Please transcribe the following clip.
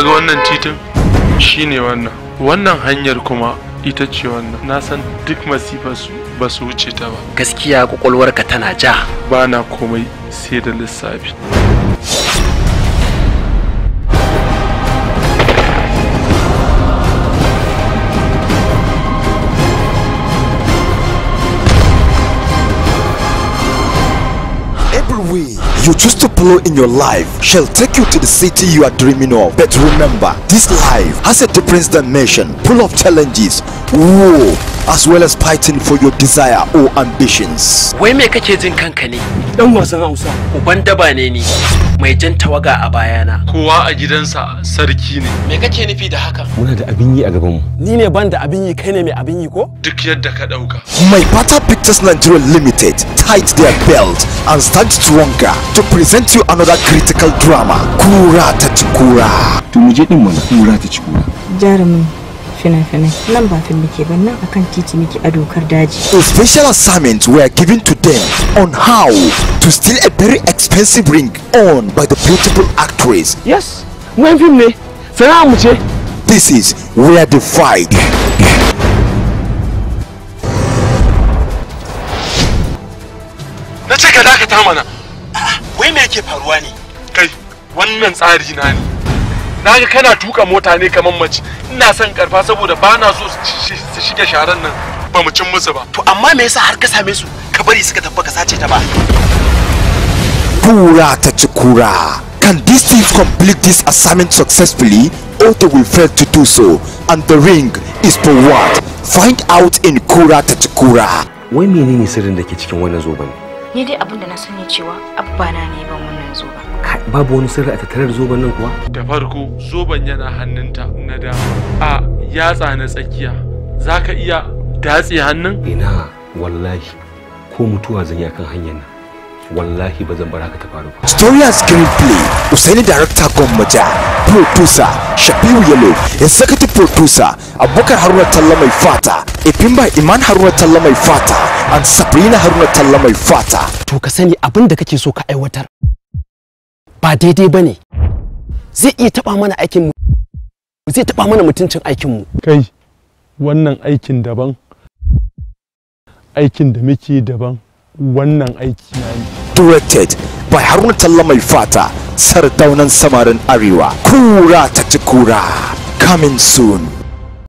kaga wannan titin shine wannan wannan hanyar kuma ita ce wannan na san duk masifa su ba su wuce ta ba gaskiya kwakwalwarka tana ja ba na komai sai da lissafi you choose to follow in your life shall take you to the city you are dreaming of. But remember, this life has a different dimension, full of challenges, woe, as well as fighting for your desire or ambitions. Wai me kake jin kanka ne? Dan wasan Hausa. Uban daba ne ni. Mai jan tawaga a bayana. Kowa a gidansa sarki ne. Me kake nufi da haka? Muna da abin yi a gaban mu. Ni ne ban da abin yi kai ne mai abin yi ko? Duk yadda ka dauka. My Pata Pictures Nigeria Limited tight their belt and stand stronger to present you another critical drama. Kura ta ci kura. To mu je din mana. Kura ta ci kura. Jarumin. fina-finai nan ba fim muke ba nan akan titi muke a dokar daji. A special assignment were given to them on how to steal a very expensive ring on by the beautiful actress. Yes, mun fim ne, fara mu ce. This is where the fight. Na ce ka dakata mana. Wai me yake faruwa ne? Kai, wannan tsari na ne. na ga kana tuka mota ne kamar mace ina son karfa saboda ba na so su shige sharan nan ba mu cin musu ba to amma me yasa har ka same su ka bari suka tabba ka sace ta ba kura ta ci kura can these teams complete this assignment successfully or they will fail to do so and the ring is for what find out in kura ta ci kura wai menene sirrin da ke cikin wannan zoben ni dai abin da na sani cewa abba na ne ban wannan zoben babu wani sirri a tattarar da zoben nan kuwa da farko Zoban yana hannunta na da a yatsa na tsakiya zaka iya datse hannun ina wallahi ko mutuwa zan yi akan hanyar nan wallahi ba zan bar haka ta faru ba. Story and screenplay Usaini director Gwammaja, producer Shafiu Yalo, executive producer Abubakar Haruna Talla mai fata, Ifimba Iman Haruna Talla mai fata, an sabrina haruna talla mai fata to ka sani abin da kake so ka aiwatar ba daidai ba ne zai iya taba mana aikin mu zai taba mana mutuncin aikin mu kai wannan aikin daban aikin da muke daban wannan aiki na ne directed by haruna talla mai fata sardaunan samarin arewa kura ta ci kura coming soon